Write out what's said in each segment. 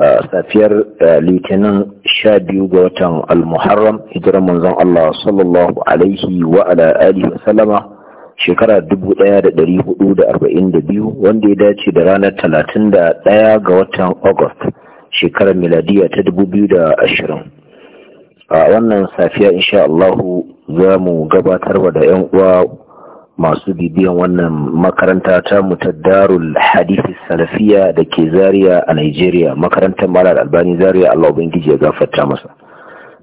safiyar litinin sha biyu ga watan almuharram hijirar manzon Allah sallallahu alaihi wa ala alihi wa sallama shekara biyu, wanda ya dace da ranar 31 ga watan august shekarar miladiya ta 2020 a wannan safiya insha Allah za mu gabatarwa da 'yan uwa masu bibiyan wannan makaranta ta mutaddarul Hadithi salafiya da ke Zariya a Nigeria makarantar Malam Albani Zariya, Allah ubangiji ya gafarta masa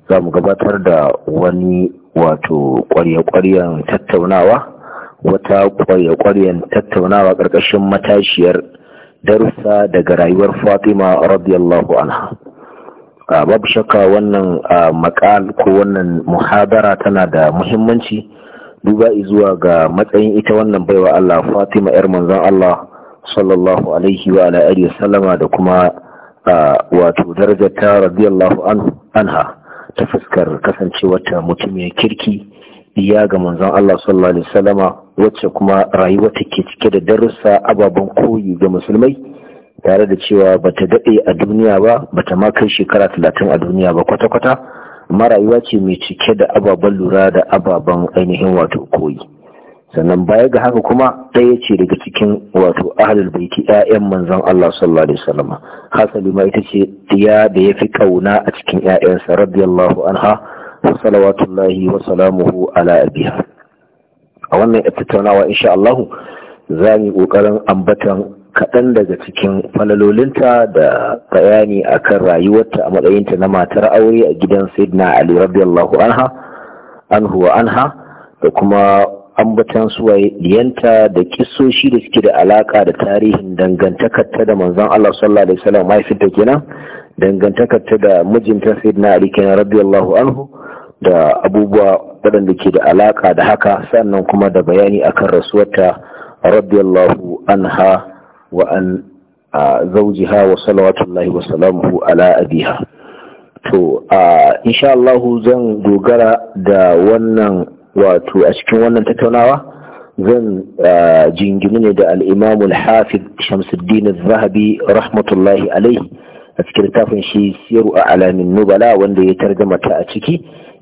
za mu gabatar da wani wato ƙwarya-ƙwaryan tattaunawa wata ƙwarya-ƙwaryan tattaunawa ƙarƙashin matashiyar darussa daga rayuwar Fatima radiyallahu anha babu shakka wannan makal ko wannan muhabara tana da muhimmanci duba zuwa ga matsayin ita wannan baiwa Allah Fatima ‘yar manzon Allah sallallahu Alaihi wa sallama da kuma wato ta radiyallahu anha ta fuskar mutum ya kirki iya ga manzon Allah sallallahu Alaihi sallama wacce kuma ta ke cike da darussa ababen koyi ga musulmai tare da cewa bata daɗe a duniya ba bata ma kai shekara talatin a duniya ba kwata-kwata Marayuwa ce mai cike da ababen lura da ababen ainihin wato koyi sannan baya ga haka kuma ɗaya ce daga cikin wato ahlul baiti yayan manzon Allah sallallahu alaihi wasallam hasali ma ita ce diya da ya fi kauna a cikin ƴaƴansa radiyallahu anha wa salawatullahi wa salamuhu ala abiha a wannan tattaunawa insha Allah za mu yi kokarin ambatan kaɗan daga cikin falalolinta da bayani akan rayuwarta a matsayinta na matar aure a gidan sayyidina ali radiyallahu anha anhu wa anha da kuma ambatan suwaye diyanta da kisoshi da suke da alaka da tarihin dangantakarta da manzon Allah sallallahu alaihi wasallam mahaifinta kenan dangantakarta da mijinta sayyidina ali kenan radiyallahu anhu da abubuwa waɗanda ke da alaka da haka sannan kuma da bayani akan rasuwarta radiyallahu anha zaujiha wa وصلوات الله وسلامه على أبيها to in sha Allah zan dogara da wannan wato a cikin wannan tattaunawa zan jingimi ne da al-Imam hafiz Shamsuddin zahabi rahmatullahi alaihi a cikin littafin shi siru a alamin nubala wanda ya tarjama ta a ciki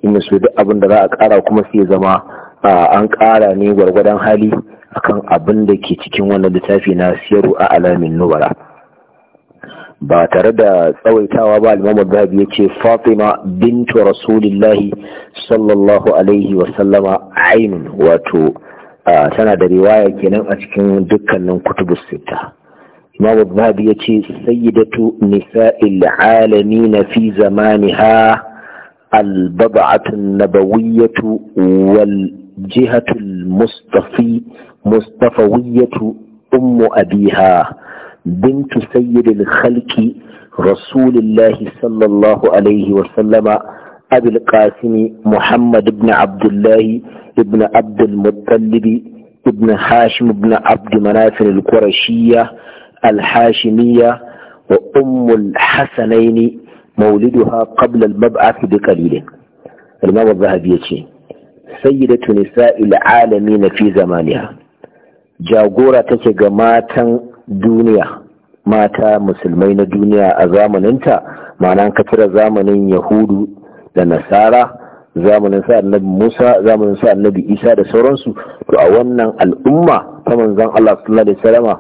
inda su duk abin da za a kara kuma sai zama an kara ne gwargwadon hali akan abin da ke cikin wannan littafi na siyaru a alamin nubara ba tare da tsawaitawa ba al-Imam Zahabi yace Fatima bintu Rasulillahi sallallahu alaihi wa sallama ainun wato tana da riwaya kenan a cikin dukkanin kutubus sita Imam al Zahabi yace sayyidatu nisa'il alamin fi zamaniha al-bad'atu an-nabawiyyatu wal jihatu al-mustafi مصطفوية أم أبيها بنت سيد الخلق رسول الله صلى الله عليه وسلم أبي القاسم محمد بن عبد الله بن عبد المطلب بن هاشم بن عبد مناف القرشية الحاشمية وأم الحسنين مولدها قبل المبعث بقليل الإمام الذهبي سيدة نساء العالمين في زمانها jagora take ga matan duniya mata musulmai na duniya a zamaninta ma'ana ka zamanin yahudu da nasara zamanin sa annabi musa zamanin sa annabi isa da sauransu to a wannan al'umma ta manzon allah sallallahu alaihi wasallama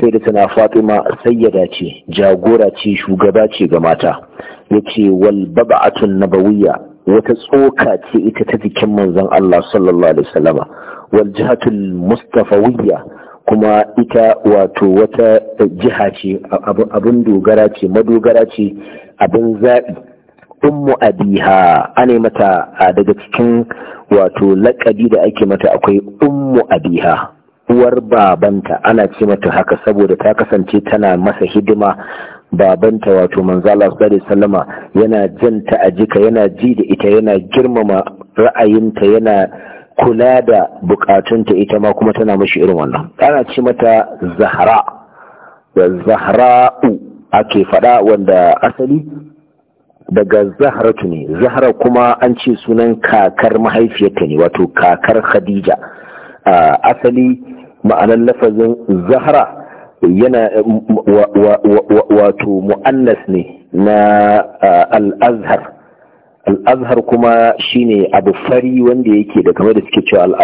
sai da tana fatima sayyada ce jagora ce shugaba ce ga mata yace wal bab'atun nabawiyya wata tsoka ce ita ta jikin manzon Allah sallallahu alaihi wasallama wal jihatul mustafawiyya kuma ita wato wata jiha ce abin dogara ce madogara ce abin zaɓi ummu abiha ana mata a daga cikin wato laƙabi da ake mata akwai ummu abiha uwar babanta ana ce mata haka saboda ta kasance tana masa hidima babanta wato manzala sallallahu sallama yana janta a jika yana ji da ita yana girmama ra'ayinta yana kula da bukatunta ita ma kuma tana mashi irin wannan ana ce mata zahra da zahra'u ake fada wanda asali daga zahratu ne zahra kuma an ce sunan kakar mahaifiyarta ne wato kakar khadija asali ma'anar lafazin zahra yana eh, wato mu'annas ne na al'azhar. Al'azhar kuma shine abu fari wanda yake da kamar da suke cewa al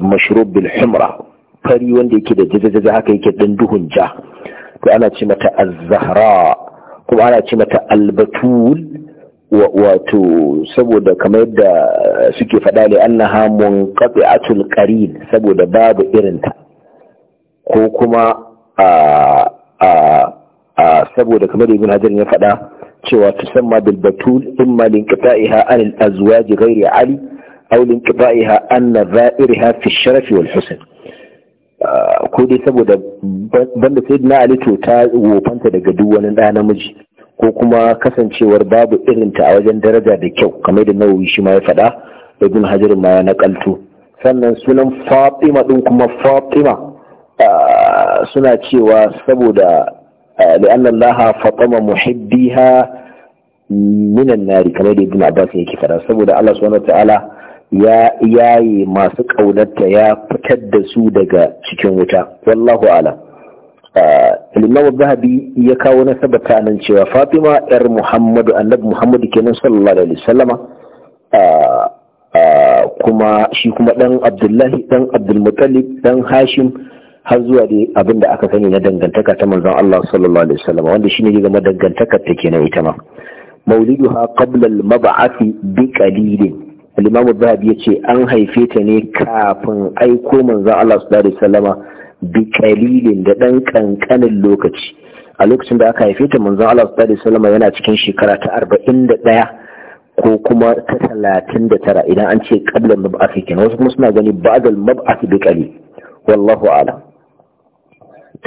mashrub bil himra. fari wanda yake da jajajaja haka yake dan duhun ja to ana ce mata az-zahra kuma ana ce mata al-batul wato saboda kamar yadda suke faɗa da annaha munqati'atul qarin saboda babu irinta ko kuma a saboda kamar ibn hajar ya faɗa cewa ma bil batul imma linqita'iha an al azwaj ghairi ali aw linqita'iha an dha'irha fi sharaf wal husn ko dai saboda banda na ali to ta wofanta daga duk wani da namiji ko kuma kasancewar babu irinta a wajen daraja da kyau kamar da nawawi shi ma ya faɗa ibn hajar ma ya sannan sunan fatima din kuma fatima suna cewa saboda لأن الله فطم محبيها من yi كما يدي yake fara saboda Allah سبودا الله ta'ala ya yayi masu kaunarta ya fitar da su daga cikin wuta wallahu ala Imam Zahabi ya kawo sabata nan cewa Fatima yar Muhammadu annabi Muhammadu kenan sallallahu alaihi wasallama kuma shi kuma dan Abdullahi dan Abdul Muttalib dan Hashim har zuwa dai abin da aka sani na dangantaka ta manzon Allah sallallahu alaihi wasallam wanda shine ne zama dangantaka ta kenan ita ma mauliduha qabla al-mab'ath bi qalilin al-imam al zahabi yace an haife ta ne kafin aiko manzon Allah sallallahu alaihi wasallam bi qalilin da dan kankanin lokaci a lokacin da aka haife ta manzon Allah sallallahu alaihi wasallam yana cikin shekara ta 41 ko kuma ta 39 idan an ce qabla al-mab'ath kenan wasu kuma suna gani ba'da al-mab'ath bi qalil wallahu a'lam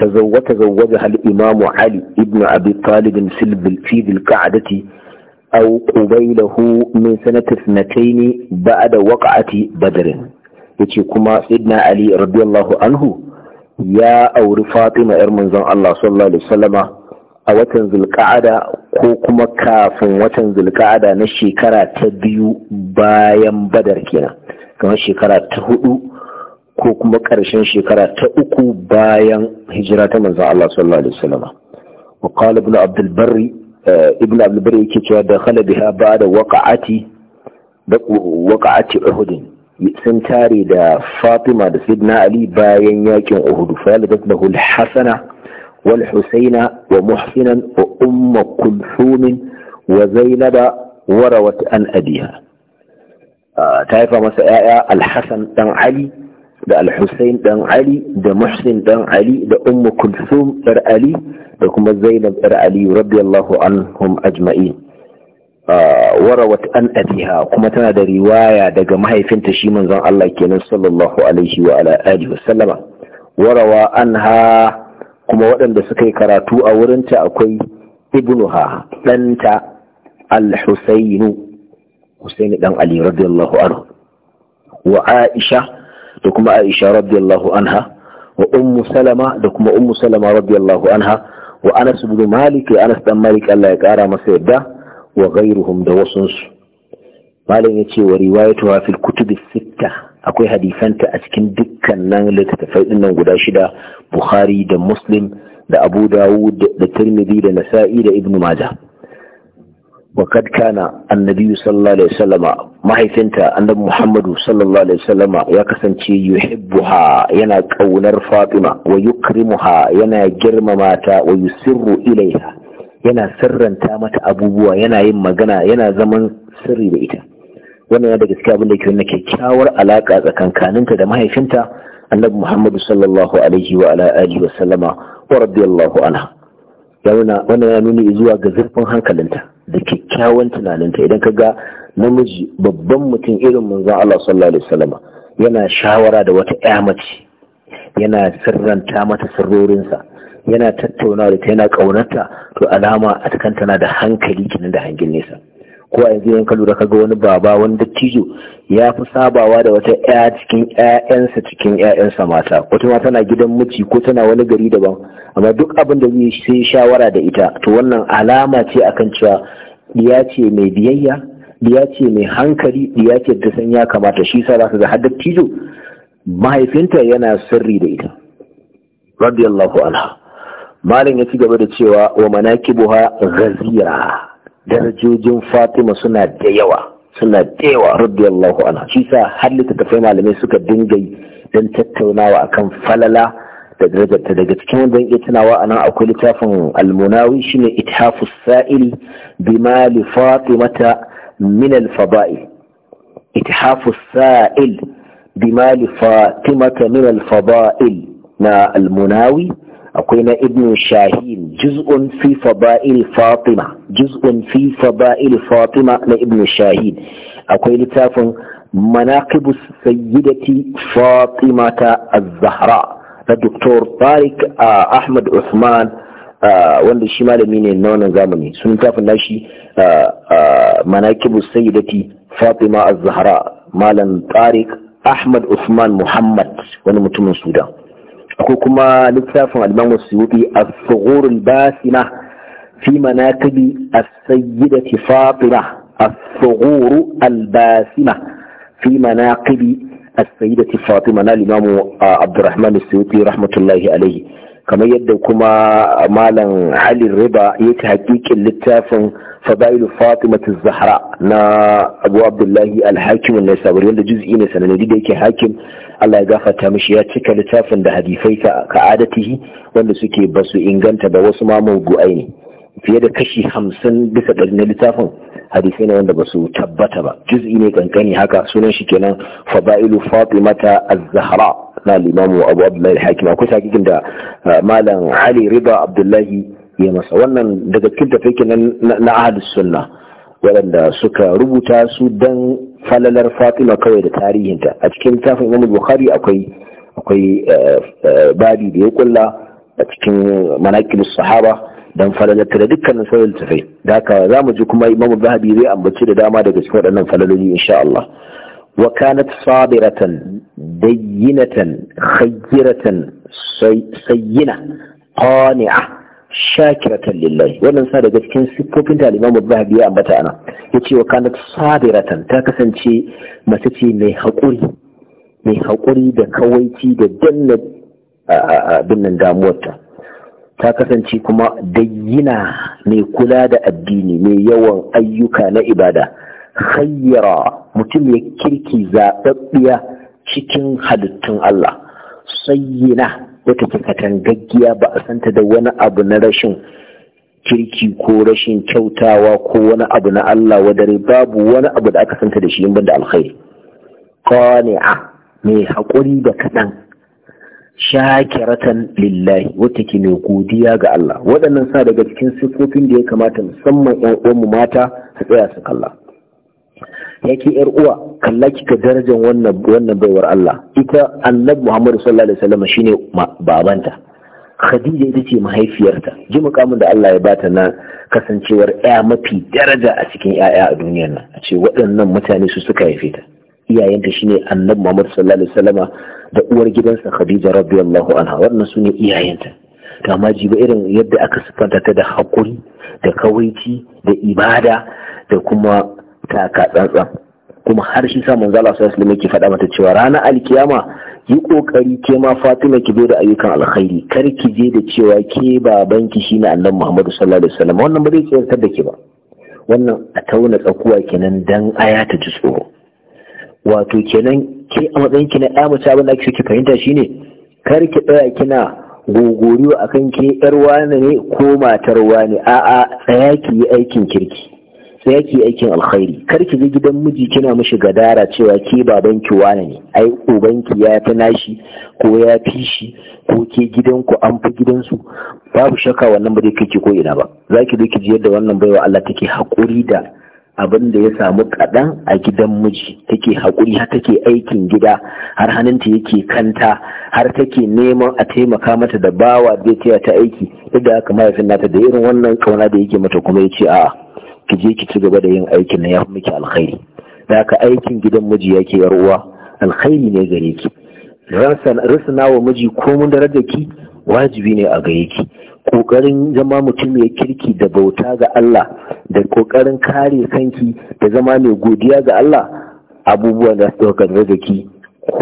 وتزوجها الإمام علي ابن أبي طالب في ذي القعدة أو قبيله من سنة اثنتين بعد وقعة بدر yace kuma sidna ali radiyallahu anhu ya auri fatima yar manzon Allah sallallahu a watan zulqa'ada ko kuma kafin watan zulqa'ada na shekara ta biyu bayan badar kenan kamar shekara ta hudu ko kuma ƙarshen shekara ta uku bayan hijira ta manzan Allah sallallahu alaihi wasallam wa qala ibn abd al-barr eh, ibn abd al yake cewa da khala biha ba'da waqa'ati da waqa'ati uhud sun tare da Fatima da Sidna Ali bayan yakin Uhud fa da al-hasana wal husaina wa muhsinan wa umma kulthum wa zainaba warawat an abiha ah, ta haifa masa 'ya'ya al-hasan dan ali da al-Hussein dan Ali da Muhsin dan Ali da Ummu Kulthum yar Ali da kuma Zainab yar Ali radiyallahu anhum ajma'in ah, warawat an abiha kuma tana da riwaya daga mahaifinta shi manzon Allah kenan sallallahu alaihi wa ala alihi wa sallama warawa anha kuma waɗanda suka yi karatu a wurinta akwai ibnuha ɗanta al-Husainu Husaini dan Ali radiyallahu anhu wa Aisha da kuma Aisha radiyallahu anha wa ummu salama da kuma ummu salama radiyallahu anha wa Anas ibn Malik Anas dan Malik Allah ya kara masa yadda wa ghairuhum da wasunsu malam ce wa riwayatuha fil kutub sitta akwai hadisanta a cikin dukkanin littattafai dinnan guda shida Bukhari da Muslim da Abu Dawud da Tirmidhi da Nasa'i da Ibn Majah وقد كان النبي صلى الله عليه وسلم ما هيتنتا أن محمد صلى الله عليه وسلم يكسن يحبها ينا كونر فاطمة ويكرمها ينا جرم ماتا ويسر إليها ينا سرا تامة أبوها ينا يما جنا ينا زمن سري بيتا wannan ya daga cikin abin da ke nuna kyakkyawar alaka tsakankaninta da mahaifinta annabi Muhammad sallallahu alaihi wa ala alihi wa sallama wa radiyallahu anha wannan ya nuni zuwa ga zurfin hankalinta da kyakkyawan tunaninta idan ka ga namiji babban mutum irin manzon Allah sallallahu alaihi wasallam yana shawara da wata ƴa mace yana sirranta mata sirrorinsa yana tattaunawa da ta yana ƙaunata, to alama a tana da hankali kenan da hangin nesa ko a yanzu yanka ka lura kaga wani baba wani dattijo ya fi sabawa da wata ya cikin ƴaƴansa cikin 'ya'yansa mata wata ta tana gidan miji ko tana wani gari daban amma duk abin da zai sai shawara da ita to wannan alama ce akan cewa diya ce mai biyayya diya ce mai hankali diya ce da san ya kamata shi sa za ka ga har dattijo mahaifinta yana sirri da ita radiyallahu anha malam ya ci gaba da cewa wa manakibuha ghazira darajojin fatima suna da yawa suna da yawa radiyallahu anha shi sa har littattafai malamai suka dinga dan tattaunawa akan falala da darajar ta daga cikin wanda yake tunawa anan nan akwai littafin al-munawi shine ithafus sa'il bima li fatimata min al-fada'il ithafus sa'il bima li fatimata min al-fada'il na al-munawi akwai na ibn shahin juz'un fi fada'il fatima juz'un fi fada'il fatima na ibn shahin akwai littafin ta السيدة Zahra. Da Dr. طارق أحمد Usman, wanda shi malami ne na wannan zamani sun littafin nashi manakibu sayyidati fatima az-zahra malam tariq ahmad usman muhammad wani mutumin sudan akwai kuma littafin almamu suyuti a tsohorul basima fi manakabi a sayyidati fatima a tsohoro albasima fi manakabi a sayyidati fatima na limamu abdurrahman suyuti rahmatullahi alaihi kamar yadda kuma malam halin riba ya ci hakikin littafin fadailu fatimatu zahra na abu abdullahi alhakim na sabar wanda juz'i ne sananadi da yake hakim allah ya gafata mishi ya cika littafin da hadifai ka adatihi wanda suke su inganta ba wasu ma mawdu'ai ne fiye da kashi hamsin bisa ɗari na littafin hadisai ne wanda ba su tabbata ba juz'i ne kankani haka sunan shi kenan fadailu fatimata az-zahra na limamu abu abdullahi hakim akwai sakikin da uh, malam ali riba abdullahi ya masa wannan daga cikin tafikin na ahlus sunna waɗanda suka rubuta su don falalar fatima kawai da tarihinta a cikin tafin imam bukhari akwai akwai uh, uh, babi da ya kulla a cikin manakil sahaba don falalata da dukkanin sauran tafai da haka za mu ji kuma imamu zahabi zai ambaci da dama daga cikin waɗannan falaloli insha Allah وكانت صابرة دينة خيرة سينة قانعة شاكرة لله ولن سادة قد كن سكوب انت الإمام الظهب يا أمبتا يتي وكانت صابرة تاكسا تي ما تتي مي حقوري مي حقوري دا كويتي دا دنة دنة داموتا تاكسا تي كما دينا مي كلا الديني مي يوان أيوكا لا إبادة khayyara mutum ya kirki zaɓaɓɓiya cikin halittun Allah sayyina wata ke katangaggiya ba a santa da wani abu na rashin kirki ko rashin kyautawa ko wani abu na Allah wadare babu wani abu da aka santa da shi yin da alkhairi qani'a mai haƙuri da kaɗan shakiratan lillahi wata ke mai godiya ga Allah waɗannan sa daga cikin siffofin da ya kamata musamman 'yan uwanmu mata su tsaya su kalla yake yar uwa kalla kika darajar wannan wannan baiwar Allah ita annabi Muhammad sallallahu alaihi wasallam shine babanta Khadija ita ce mahaifiyarta ji mukamin da Allah ya bata na kasancewar ya mafi daraja a cikin yaya a duniyar nan a ce waɗannan mutane su suka haife ta iyayenta shine annabi Muhammad sallallahu alaihi wasallama da uwar gidansa Khadija radiyallahu anha wannan sune iyayenta to amma ji ba irin yadda aka sifanta ta da hakuri da kawaici da ibada da kuma taka tsantsan kuma har shi sa zala su sallallahu alaihi faɗa mata cewa ranar alkiyama yi kokari ke ma Fatima ki zo da ayyukan alkhairi kar ki je da cewa ke babanki shi na annan Muhammadu sallallahu alaihi wasallam wannan ba zai tsayar da ke ba wannan a tauna tsakuwa kenan dan aya ta ji tsoro wato kenan ke a matsayin ki na ɗa mace abin da ake so ki fahimta shine kar ki tsaya kina gogoriwa akan ke yar wane ne ko matar wane a'a tsaya ki yi aikin kirki sai ki aikin alkhairi kar ki je gidan miji kina mishi gadara cewa ke baban ki wane ne ai ubanki ya fi nashi ko ya fi shi ko ke gidanku an fi su babu shakka wannan ba kai ki ko ina ba za ki je ki ji da wannan baiwa Allah take haƙuri da abin da ya samu kaɗan a gidan miji take hakuri har take aikin gida har hannunta yake kanta har take neman a taimaka mata da bawa zai taya ta aiki idan aka haka mahaifin nata da irin wannan kauna da yake mata kuma ya ce a'a ki je ki ci gaba da yin aikin na yafi fi miki alkhairi da ka aikin gidan miji yake yar uwa alkhairi ne gare ki risana wa miji mun daraja ki wajibi ne a gare ki kokarin zama mutum mai kirki da bauta ga Allah da kokarin kare kanki da zama mai godiya ga Allah abubuwan da su dauka daraja ki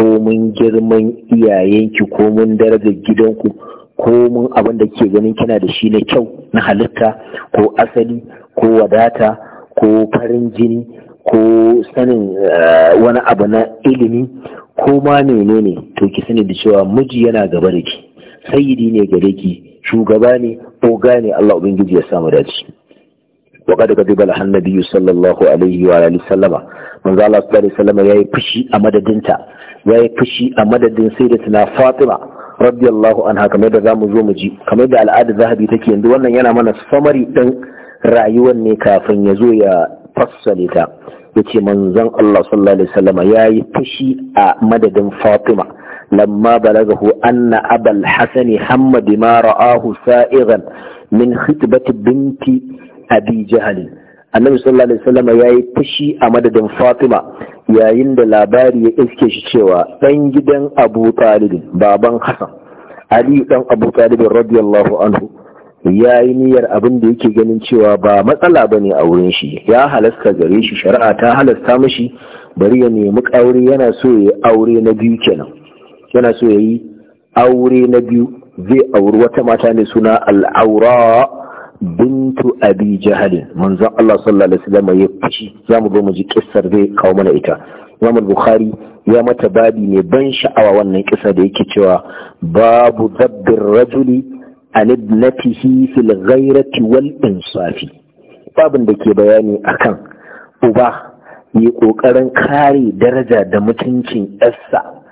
mun girman iyayenki komun daraja gidanku mun abin da ke ganin kina da shi na kyau na halitta ko asali ko wadata ko farin jini ko sanin eh, wani abu na ilimi ko ma menene to ki sani da cewa miji yana gaba da ki sayyidi ne gare ki shugaba ne oga ne Allah ubangiji ya samu dace wa kad kadi bal annabi sallallahu alaihi wa alihi sallama manzo Allah sallallahu alaihi sallama yayi fushi a madadinta yayi fushi a madadin sayyidatina Fatima radiyallahu anha kamar da zamu zo mu ji kamar da al'ada zahabi take yanzu wannan yana mana samari din rayuwar ne kafin ya zo ya fassale ta ya ce manzon Allah sallallahu alaihi ya yi fushi a madadin Fatima lamma balagahu anna abal hasani hamma bima ra'ahu sa'iran min khitbati binti abi jahal annabi sallallahu alaihi wasallama ya yi fushi a madadin Fatima yayin da labari ya iske shi cewa dan gidan Abu Talib baban Hassan Ali dan Abu Talib radiyallahu anhu ya yi niyyar abin da yake ganin cewa ba matsala ba ne a wurin shi ya halasta gare shi shari'a ta halasta mashi bari ya nemi aure yana so ya yi aure na biyu kenan yana so ya yi aure na biyu zai auri wata mata ne suna al'aura bintu abi jahalin manzon Allah sallallahu alaihi wasallam ya fashi za mu zo mu ji kissar zai kawo mana ita Imam Bukhari ya mata babi ne ban sha'awa wannan kisa da yake cewa babu dabbir rajuli an ibnatihi fil ghairati wal insafi babin da ke bayani akan uba yi ƙoƙarin kare daraja da mutuncin yarsa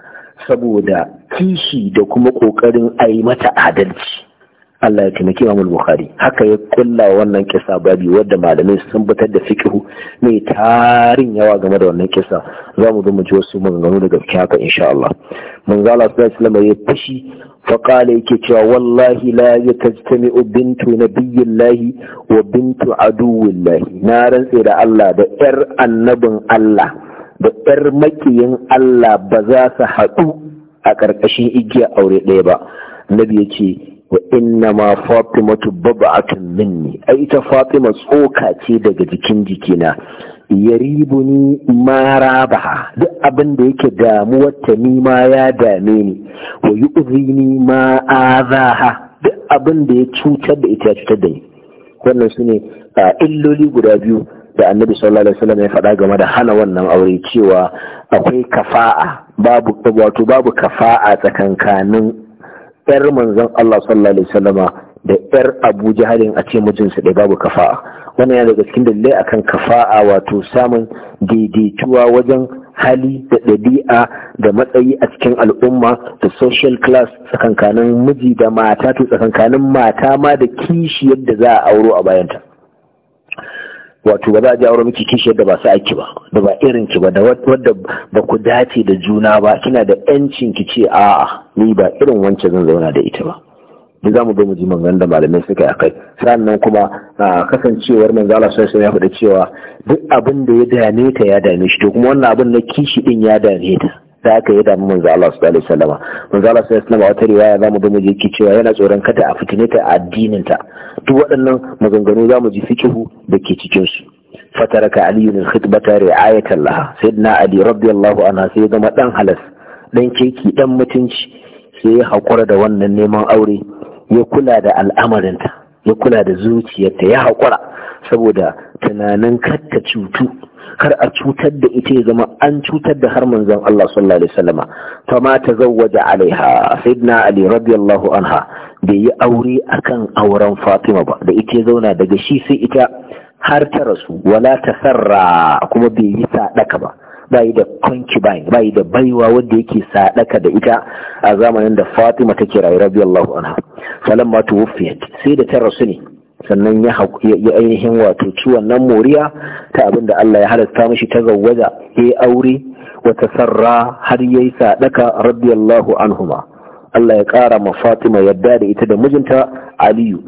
saboda kishi da kuma ƙoƙarin a yi mata adalci Allah ya taimaki Imam Bukhari haka ya kulla wannan kisa babi wadda malamai sun batar da fiqhu mai tarin yawa game da wannan kisa zamu mu zo mu ji wasu maganganu daga cikin haka insha Allah manzo Allah sallallahu alaihi wasallam ya fashi faƙala yake cewa wallahi la ya tajtami bintu nabiyyin lahi wa bintu aduwin lahi na rantse da Allah da ‘yar annabin Allah da ‘yar maƙiyan Allah ba za su haɗu a ƙarƙashin igiya aure ɗaya ba nabi ya ce wa inna ma fatimatu bab'atun minni ai ita fatima tsoka ce daga jikin jikina yaribuni marabaha duk abin da yake damuwar ta ni ya dame ni wa yu'zini ma azaha duk abin da ya cutar da ita ya cutar da ni wannan sune illoli guda biyu da annabi sallallahu alaihi wasallam ya faɗa game da hana wannan aure cewa akwai kafa'a babu wato babu kafa'a tsakankanin yar manzon Allah sallallahu alaihi wasallama da yar abu jihalin a ce mijinsu ɗaya babu kafa'a wannan yana daga cikin dalilai akan kafa'a wato samun daidaituwa wajen hali da ɗabi'a da matsayi a cikin al'umma da social class tsakankanin miji da mata to tsakankanin mata ma da kishi yadda za a auro a bayanta wato ba za a ji auro miki kishi yadda ba sa ki ba da ba irin ki ba da wadda ba ku dace da juna ba kina da yancin ki ce a'a ni ba irin wancan zan zauna da ita ba duk zamu zo mu ji maganganun da malamai suka yi kai, sannan kuma a kasancewar manzo Allah sallallahu ya cewa duk abin da ya dame ta ya dame shi to kuma wannan abin na kishi din ya dame ta da aka yi damu manzo Allah sallallahu alaihi wasallam manzo Allah sallallahu alaihi wasallam wata riwaya zamu mu muje ki cewa yana tsoron kada a fitine ta addinin ta duk waɗannan maganganu mu ji fikihu da ke cikin su fataraka aliyu bin khitbata ri'ayatan laha sayyidina ali radiyallahu anha sai zama dan halas dan keki dan mutunci sai ya hakura da wannan neman aure ya kula da al'amarinta ya kula da zuciyarta ya haƙura saboda tunanin katta cutu kar a cutar da ita ya zama an cutar da har manzon Allah sallallahu alaihi wasallama fa ma tazawwaja alaiha sayyidina ali radiyallahu anha bai yi aure akan auren fatima ba da ita ya zauna daga shi sai ita har ta rasu wala tasarra kuma bai yi sadaka ba bayi da concubine bayi da baiwa wanda yake sadaka da ita a zamanin da Fatima take rayu radiyallahu anha falamma tuwfiyat sai da ta rasu ne sannan ya ainihin wato ciwon nan moriya ta abin da Allah ya halatta mishi ta zawwaja ya yi aure wata sarra har ya yi sadaka radiyallahu anhuma Allah ya ƙara ma Fatima yadda da ita da mijinta Aliyu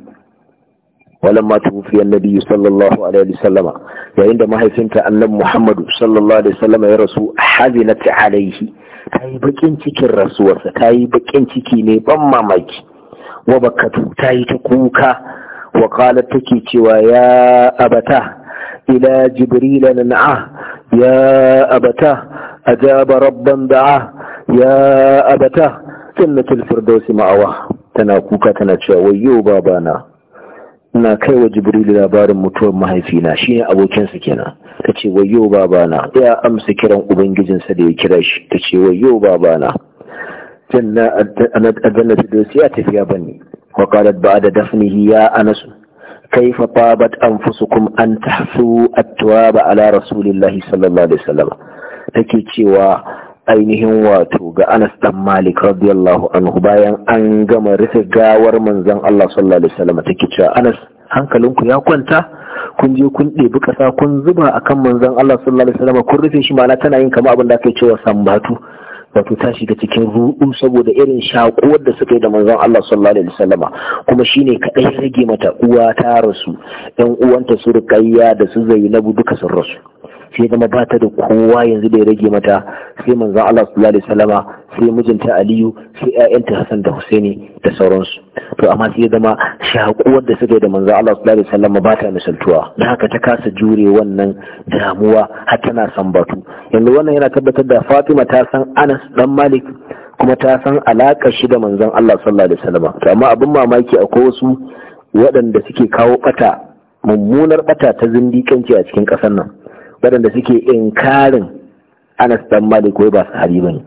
walamma tuwfi annabi sallallahu alaihi wasallama yayin da mahaifinta annabi Muhammadu sallallahu alaihi wasallama ya rasu a hazinat alaihi ta yi baƙin cikin rasuwarsa ta yi bakin ciki ne ban mamaki wa bakatu ta yi ta kuka wa take cewa ya abata ila jibril nan'a ya abata ajaba rabban da'a ya abata jannatul firdausi ma'awa tana kuka tana cewa "Wai yau babana ina kai wa labarin mutuwar mahaifina shi ne abokinsa kenan ta ce baba na? ya amsa kiran ubangijinsa da ya kira shi ta ce wayo babana janna ta firdausi ya tafiya bane wa qalat ba'da dafnihi ya anas كيف طابت أنفسكم an تحثوا التواب على ala الله صلى الله عليه وسلم cewa ainihin wato ga Anas dan Malik radiyallahu anhu bayan an gama rufe gawar manzon Allah sallallahu alaihi wasallam take cewa Anas hankalinku ya kwanta kun je kun ɗebi ƙasa kun zuba akan manzon Allah sallallahu alaihi wasallam kun rufe shi ma'ana tana yin kamar abin da aka cewa sambatu wato ta shiga cikin ruɗu saboda irin shakuwar da suka yi da manzon Allah sallallahu alaihi wasallam kuma shine kadai rage mata uwa ta rasu ɗan uwanta su riƙayya da su Zainabu duka sun rasu sai zama ba da kowa yanzu da ya rage mata sai manzo Allah sallallahu alaihi wasallama sai mijinta Aliyu sai ƴaƴanta Hassan da Husaini da sauransu to amma sai zama shakuwar da suke da manzo Allah sallallahu alaihi wasallama ba ta misaltuwa dan haka ta kasa jure wannan damuwa har tana batu. yanzu wannan yana tabbatar da Fatima ta san Anas dan Malik kuma ta san alaƙar shi da manzon Allah sallallahu alaihi wasallama to amma abin mamaki akwai wasu waɗanda suke kawo bata mummunar bata ta zindikanci a cikin ƙasar nan waɗanda suke inkarin Anas dan Malik wai ba su ba bane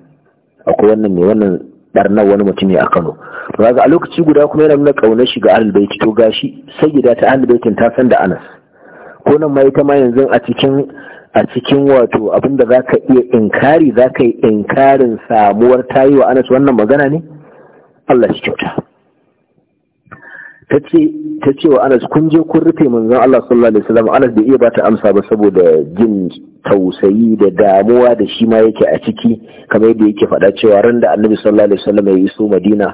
akwai wannan mai wannan barnar wani mutum ne a Kano to kaga a lokaci guda kuma yana nuna ƙaunar shi ga Ahlul Bait to gashi sayyida ta Ahlul Baitin ta san da Anas ko nan ma ita ma yanzu a cikin a cikin wato abinda ka iya inkari ka yi inkarin samuwar tayi wa Anas wannan magana ne Allah shi kyauta ta ce wa anas kun je kun rufe manzon Allah sallallahu alaihi wasallam anas bai iya bata amsa ba saboda jin tausayi da damuwa da shi ma yake a ciki kamar yadda yake faɗa cewa ran da annabi sallallahu alaihi wasallam ya iso madina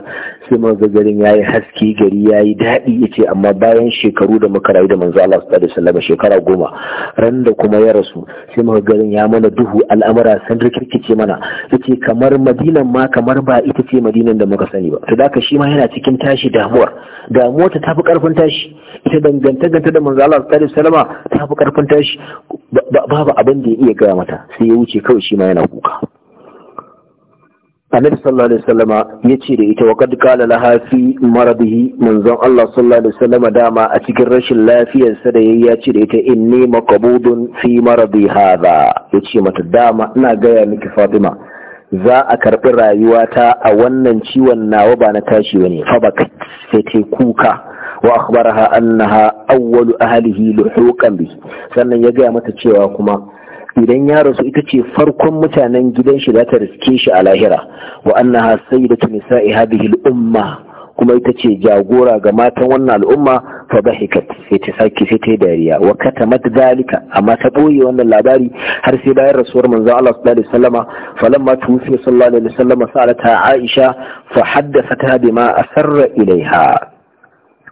sai manzo garin yayi haske gari yayi daɗi yace amma bayan shekaru da muka rayu da manzo Allah sallallahu alaihi wasallam shekara goma ran da kuma ya rasu sai manzo garin ya mana duhu al'amara san rikirkice mana yace kamar madinan ma kamar ba ita ce madinan da muka sani ba to da shi ma yana cikin tashi damuwar damuwar ta tafi karfin tashi ita dangantaka da manzo Allah sallallahu alaihi wasallam tafi karfin tashi babu abin da ya iya gaya mata sai ya wuce kawai shi ma yana kuka annabi sallallahu alaihi wasallama ya ce da ita wa kad qala laha fi maradihi manzon Allah sallallahu alaihi wasallama dama a cikin rashin lafiyar sa da yayi ya ce da ita inni maqbudun fi maradi hadha ya ce mata dama ina gaya miki Fatima za a karbi rayuwata a wannan ciwon nawa ba na tashi bane fa baka sai ta kuka wa akhbaraha annaha awwalu ahlihi luhuqan bi sannan ya gaya mata cewa kuma idan ya rasu ita ce farkon mutanen gidan shi za ta riske shi a lahira wa annaha sayyidatu nisa'i hadhihi al-umma kuma ita ce jagora ga matan wannan al'umma fa dahikat sai ta saki sai ta yi dariya wa katamat dalika? amma ta boye wannan labari har sai bayan rasuwar manzo Allah sallallahu alaihi wasallama falamma tuwfi sallallahu alaihi wasallama sa'alata Aisha fa haddathatha bima asarra ilaiha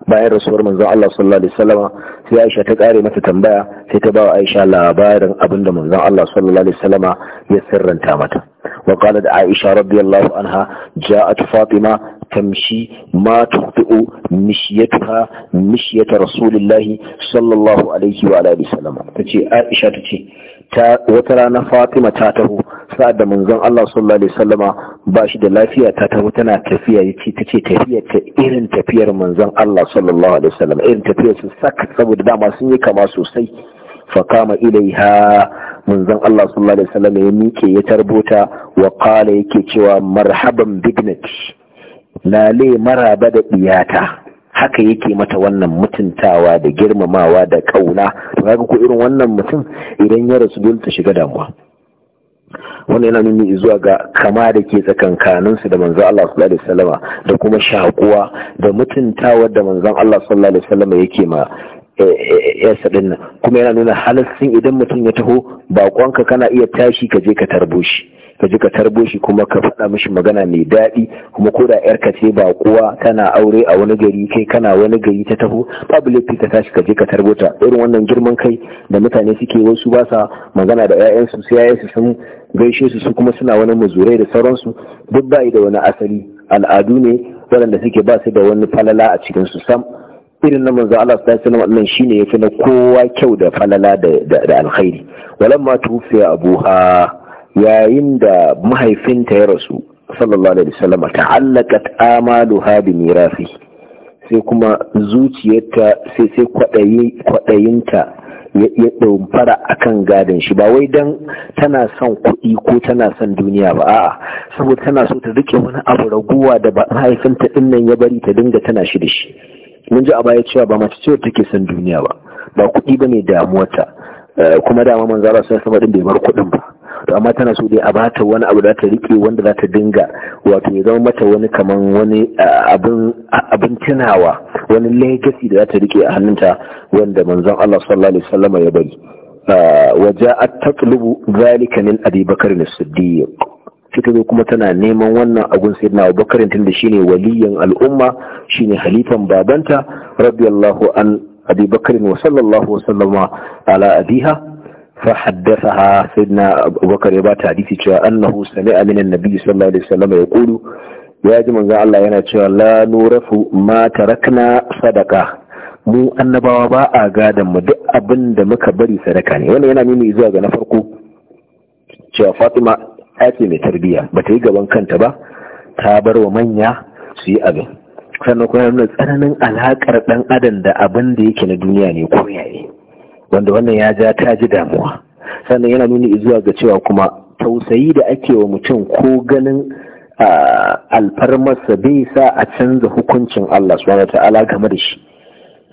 bayan rasuwar manzon Allah sallallahu alaihi wasallama sai Aisha ta kare mata tambaya sai ta ba Aisha labarin abinda manzon Allah sallallahu alaihi wasallama ya sirranta mata wa qalat Aisha radiyallahu anha ja'at Fatima تمشي ما تخطئ مشيتها مشية رسول الله صلى الله عليه وعلى آله وسلم تجي عائشة تجي wata rana fatima ta taho sa'ad da manzon Allah sallallahu alaihi wasallama ba shi da lafiya ta taho tana tafiya yace tace tafiya ta irin tafiyar manzon Allah sallallahu alaihi irin tafiyar su sak saboda dama sun yi kama sosai fa kama ilaiha manzon Allah sallallahu alaihi wasallam ya mike ya tarbota wa qala yake cewa marhaban bignat lale maraba da iyata haka yake mata wannan mutuntawa da girmamawa da kauna to kaga ko irin wannan mutum idan ya rasu dole ta shiga damuwa wannan yana nuni zuwa ga kama da ke tsakankanin da manzon Allah sallallahu alaihi wasallama da kuma shakuwa da mutuntawa da manzon Allah sallallahu alaihi wasallama yake ma eh, eh, yarsa din nan kuma yana nuna sun idan mutum ya taho baƙonka kana iya tashi ka je ka tarbo shi ka ji ka tarbo shi kuma ka faɗa mishi magana mai daɗi kuma ko da yarka ce ba kuwa tana aure a wani gari kai kana wani gari ta taho babu laifi ka tashi ka je ka tarbo ta irin wannan girman kai da mutane suke wasu ba sa magana da 'ya'yansu sai 'ya'yansu sun gaishe su su kuma suna wani muzurai da sauransu duk bayi da wani asali al'adu ne waɗanda suke ba su da wani falala a cikin su sam irin na manzo Allah sallallahu alaihi wasallam shine yafi na kowa kyau da falala da alkhairi walamma tufiya abuha yayin da mahaifinta ya rasu sallallahu alaihi wasallam ta'allaqat amaluha bi mirasi sai kuma zuciyarta sai sai kwadayinta ya ya a kan gadon shi ba wai dan tana son kuɗi ko tana son duniya ba a'a saboda tana so ta rike wani abu raguwa da mahaifinta ɗinnan nan ya bari ta dinga tana shi da shi mun ji a baya cewa ba mace cewa take son duniya ba ba kuɗi ba ne damuwarta eh, kuma dama manzara sun sama ɗin bai bar kuɗin ba to amma tana so dai a bata wani abu da ta rike wanda za ta dinga wato ya zama mata wani kaman wani abin tunawa wani legacy da za ta rike a hannunta wanda manzon Allah sallallahu alaihi wasallam ya bari وجاءت تطلب ذلك من أبي بكر الصديق fita zo kuma tana neman wannan abun sai na abubakar tun da shine waliyan al'umma shine halifan babanta radiyallahu an abi bakar wa sallallahu wasallama ala abiha فحدثها سيدنا أبو بكر يبات حديثي أنه سمع من النبي صلى الله عليه وسلم يقول ya ji manzan Allah yana cewa la nurafu ma tarakna sadaka mu annabawa ba a gadan mu duk abin da muka bari sadaka ne wannan yana nuni zuwa ga na farko cewa Fatima mai tarbiyya ba ta yi gaban kanta ba ta bar wa manya su yi abin sannan kuma nuna tsananin alakar ɗan adam da abin yake na duniya ne ko yaye wanda wannan ya ja ta ji damuwa sannan yana nuni zuwa ga cewa kuma tausayi da ake wa mutum ko ganin alfarmarsa bai sa a canza hukuncin Allah subhanahu ta'ala game da shi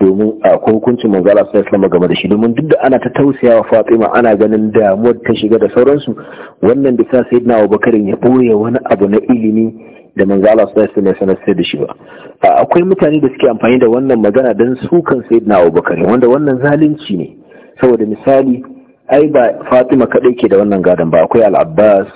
domin ko hukuncin manzo Allah sallallahu game da shi domin duk da ana ta tausaya wa Fatima ana ganin damuwar ta shiga da sauransu wannan da sa sayyidina Abubakar ya boye wani abu na ilimi da manzo Allah sallallahu alaihi wasallam sai da shi ba akwai mutane da suke amfani da wannan magana dan sukan sayyidina Abubakar wanda wannan zalunci ne saboda misali ai ba fatima kaɗai ke da wannan gadon ba akwai al'abbas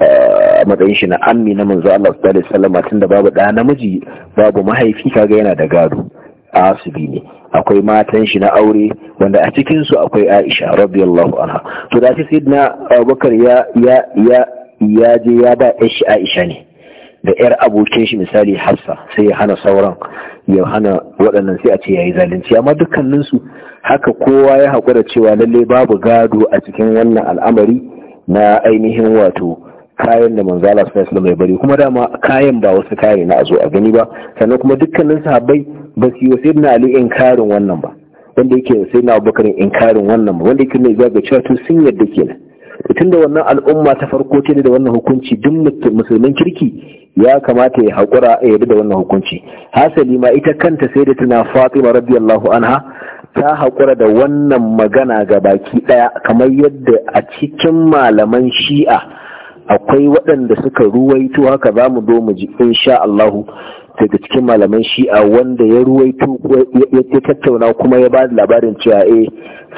a matsayin shi na ammi na manzo Allah sallallahu alaihi wasallam tun da babu ɗa namiji babu mahaifi kaga yana da gado asibi ne akwai matan shi na aure wanda a cikin su akwai Aisha radiyallahu anha to da shi sayyidina Abubakar ya ya ya ya je ya ba shi Aisha ne da yar abokin shi misali hafsa sai ya hana sauran ya hana waɗannan sai a ce yi zalunci amma dukkaninsu haka kowa ya haƙura cewa lalle babu gado a cikin wannan al'amari na ainihin wato kayan da manzo Allah sallallahu alaihi bari kuma dama kayan ba wasu kayan na azo a gani ba sannan kuma dukkanin sahabbai ba su yi sayyidina Ali inkarin wannan ba wanda yake sayyidina Abubakar inkarin wannan ba wanda yake ne zaga cewa to sun yadda kenan tunda wannan al'umma ta farko ce da wannan hukunci duk musulmin kirki ya kamata ya haƙura ya yarda da wannan hukunci hasali ma ita kanta sai da tana fatima radiyallahu anha ta haƙura da wannan magana ga baki ɗaya kamar yadda a cikin malaman shi'a akwai waɗanda suka ruwaito haka za mu zo mu ji insha Allahu daga cikin malaman shi'a wanda ya ruwaito ya tattauna kuma ya ba da labarin cewa eh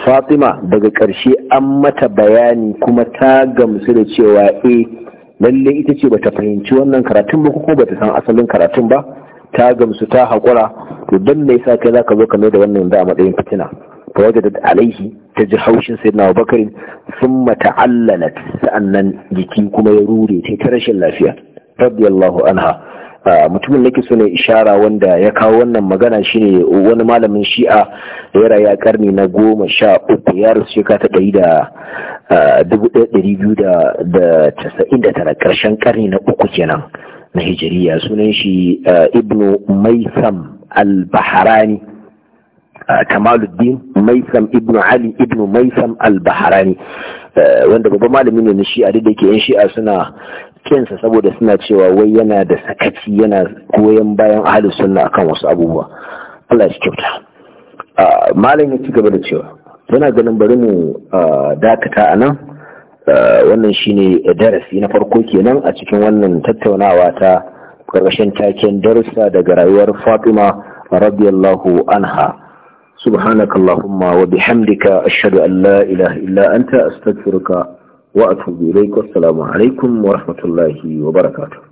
fatima daga ƙarshe an mata bayani kuma ta gamsu da cewa e lalle ita ce bata fahimci wannan karatun ba ko bata san asalin karatun ba ta gamsu ta haƙura to don me yasa kai zaka zo ka mai da wannan da a matsayin fitina fa wajadat alaihi ta ji haushin sayyidina abubakar thumma ta'allalat sa'annan jiki kuma ya rure ta rashin lafiya radiyallahu anha mutumin nake so ne ishara wanda ya kawo wannan magana shine wani malamin shi'a da ya rayu a karni na goma sha uku ya rasu shekara ta ɗari da dubu ɗaya, ɗari biyu da casa'in da tara ƙarshen karni na uku kenan na hijiriya sunan shi ibnu maisam al-baharani kamaluddin maisam ibnu ali ibnu maisam al-baharani wanda babban malami ne na shi'a duk da ke yan shi'a suna kinsa saboda suna cewa wai yana da sakaci yana goyon bayan ahalus sunna akan wasu abubuwa Allah shi kyauta ah, malam ya ci gaba da cewa Yana ganin bari mu ah, dakata a nan ah, wannan shine darasi na farko kenan a cikin wannan tattaunawa ta karkashin taken darussa daga rayuwar Fatima radiyallahu anha subhanakallahumma wa bihamdika ashhadu an la ilaha illa anta astaghfiruka wa atubu ilaikum assalamu alaikum wa rahmatullahi wa barakatuh